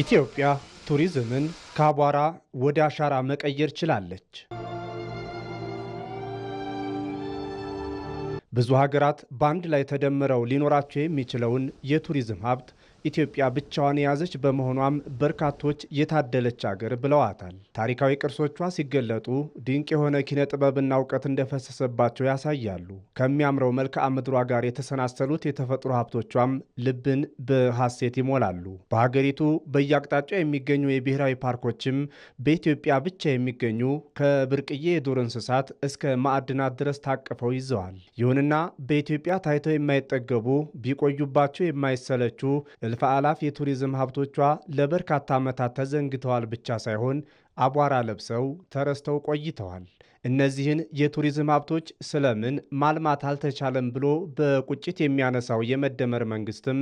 ኢትዮጵያ ቱሪዝምን ከአቧራ ወደ አሻራ መቀየር ችላለች። ብዙ ሀገራት በአንድ ላይ ተደምረው ሊኖራቸው የሚችለውን የቱሪዝም ሀብት ኢትዮጵያ ብቻዋን የያዘች በመሆኗም በርካቶች የታደለች አገር ብለዋታል። ታሪካዊ ቅርሶቿ ሲገለጡ ድንቅ የሆነ ኪነ ጥበብና እውቀት እንደፈሰሰባቸው ያሳያሉ። ከሚያምረው መልክዓ ምድሯ ጋር የተሰናሰሉት የተፈጥሮ ሀብቶቿም ልብን በሐሴት ይሞላሉ። በሀገሪቱ በየአቅጣጫው የሚገኙ የብሔራዊ ፓርኮችም በኢትዮጵያ ብቻ የሚገኙ ከብርቅዬ የዱር እንስሳት እስከ ማዕድናት ድረስ ታቅፈው ይዘዋል። ይሁንና በኢትዮጵያ ታይተው የማይጠገቡ ቢቆዩባቸው የማይሰለቹ እልፍ አላፍ የቱሪዝም ሀብቶቿ ለበርካታ ዓመታት ተዘንግተዋል ብቻ ሳይሆን አቧራ ለብሰው ተረስተው ቆይተዋል። እነዚህን የቱሪዝም ሀብቶች ስለምን ማልማት አልተቻለም ብሎ በቁጭት የሚያነሳው የመደመር መንግስትም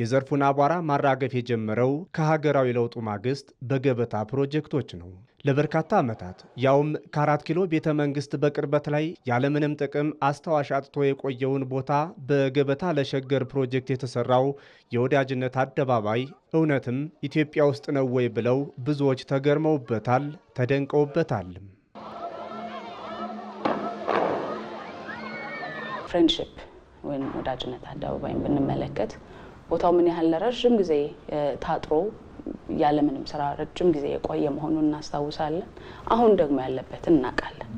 የዘርፉን አቧራ ማራገፍ የጀመረው ከሀገራዊ ለውጡ ማግስት በገበታ ፕሮጀክቶች ነው። ለበርካታ ዓመታት ያውም ከአራት ኪሎ ቤተ መንግስት በቅርበት ላይ ያለምንም ጥቅም አስታዋሽ አጥቶ የቆየውን ቦታ በገበታ ለሸገር ፕሮጀክት የተሰራው የወዳጅነት አደባባይ እውነትም ኢትዮጵያ ውስጥ ነው ወይ ብለው ብዙዎች ተገርመውበታል። ብለውታል፣ ተደንቀውበታል። ፍሬንድሽፕ ወይም ወዳጅነት አደባባይን ብንመለከት ቦታው ምን ያህል ለረዥም ጊዜ ታጥሮ ያለምንም ስራ ረጅም ጊዜ የቆየ መሆኑን እናስታውሳለን። አሁን ደግሞ ያለበትን እናውቃለን።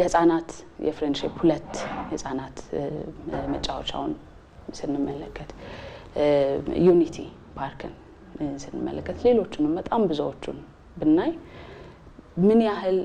የህጻናት የፍሬንድሽፕ ሁለት የህጻናት መጫወቻውን ስንመለከት፣ ዩኒቲ ፓርክን ስንመለከት፣ ሌሎቹንም በጣም ብዙዎቹን ብናይ ምን ያህል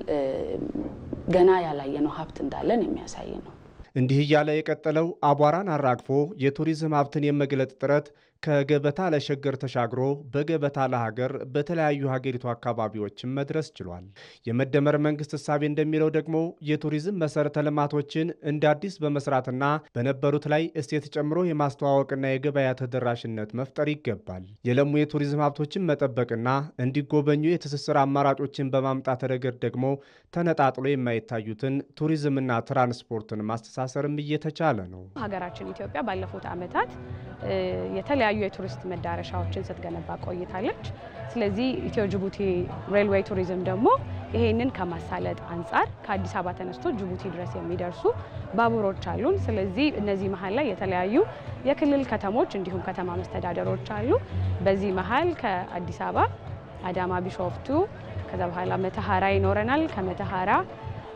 ገና ያላየነው ሀብት እንዳለን የሚያሳይ ነው። እንዲህ እያለ የቀጠለው አቧራን አራግፎ የቱሪዝም ሀብትን የመግለጥ ጥረት ከገበታ ለሸገር ተሻግሮ በገበታ ለሀገር በተለያዩ ሀገሪቱ አካባቢዎችም መድረስ ችሏል። የመደመር መንግስት እሳቤ እንደሚለው ደግሞ የቱሪዝም መሰረተ ልማቶችን እንደ አዲስ በመስራትና በነበሩት ላይ እሴት ጨምሮ የማስተዋወቅና የገበያ ተደራሽነት መፍጠር ይገባል። የለሙ የቱሪዝም ሀብቶችን መጠበቅና እንዲጎበኙ የትስስር አማራጮችን በማምጣት ረገድ ደግሞ ተነጣጥሎ የማይታዩትን ቱሪዝምና ትራንስፖርትን ማስተሳሰ ማስተሳሰርም እየተቻለ ነው። ሀገራችን ኢትዮጵያ ባለፉት ዓመታት የተለያዩ የቱሪስት መዳረሻዎችን ስትገነባ ቆይታለች። ስለዚህ ኢትዮ ጅቡቲ ሬልዌይ ቱሪዝም ደግሞ ይሄንን ከማሳለጥ አንጻር ከአዲስ አበባ ተነስቶ ጅቡቲ ድረስ የሚደርሱ ባቡሮች አሉን። ስለዚህ እነዚህ መሀል ላይ የተለያዩ የክልል ከተሞች እንዲሁም ከተማ መስተዳደሮች አሉ። በዚህ መሀል ከአዲስ አበባ አዳማ፣ ቢሾፍቱ ከዛ በኋላ መተሃራ ይኖረናል። ከመተሃራ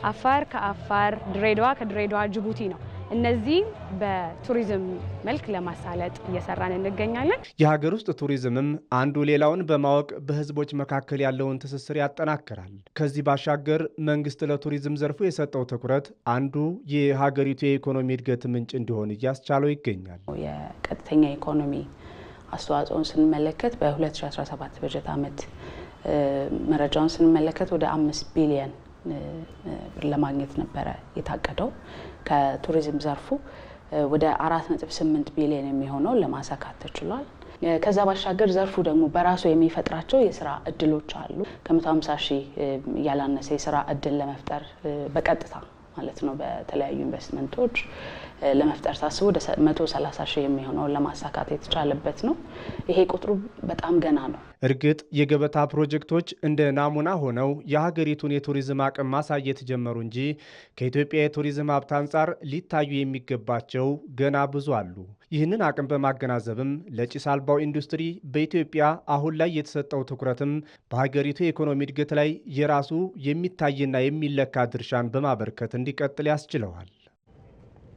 አፋር ከአፋር፣ ድሬዳዋ ከድሬዳዋ፣ ጅቡቲ ነው። እነዚህ በቱሪዝም መልክ ለማሳለጥ እየሰራን እንገኛለን። የሀገር ውስጥ ቱሪዝምም አንዱ ሌላውን በማወቅ በህዝቦች መካከል ያለውን ትስስር ያጠናክራል። ከዚህ ባሻገር መንግስት ለቱሪዝም ዘርፉ የሰጠው ትኩረት አንዱ የሀገሪቱ የኢኮኖሚ እድገት ምንጭ እንዲሆን እያስቻለው ይገኛል። የቀጥተኛ ኢኮኖሚ አስተዋጽኦን ስንመለከት በ2017 በጀት ዓመት መረጃውን ስንመለከት ወደ አምስት ቢሊየን ብር ለማግኘት ነበረ የታቀደው። ከቱሪዝም ዘርፉ ወደ 4.8 ቢሊዮን የሚሆነው ለማሳካት ተችሏል። ከዛ ባሻገር ዘርፉ ደግሞ በራሱ የሚፈጥራቸው የስራ እድሎች አሉ። ከ150 ሺህ ያላነሰ የስራ እድል ለመፍጠር በቀጥታ ማለት ነው በተለያዩ ኢንቨስትመንቶች ለመፍጠር ታስቦ ወደ 130 ሺህ የሚሆነውን ለማሳካት የተቻለበት ነው። ይሄ ቁጥሩ በጣም ገና ነው። እርግጥ የገበታ ፕሮጀክቶች እንደ ናሙና ሆነው የሀገሪቱን የቱሪዝም አቅም ማሳየት ጀመሩ እንጂ ከኢትዮጵያ የቱሪዝም ሀብት አንጻር ሊታዩ የሚገባቸው ገና ብዙ አሉ። ይህንን አቅም በማገናዘብም ለጭስ አልባው ኢንዱስትሪ በኢትዮጵያ አሁን ላይ የተሰጠው ትኩረትም በሀገሪቱ የኢኮኖሚ እድገት ላይ የራሱ የሚታይና የሚለካ ድርሻን በማበርከት እንዲቀጥል ያስችለዋል።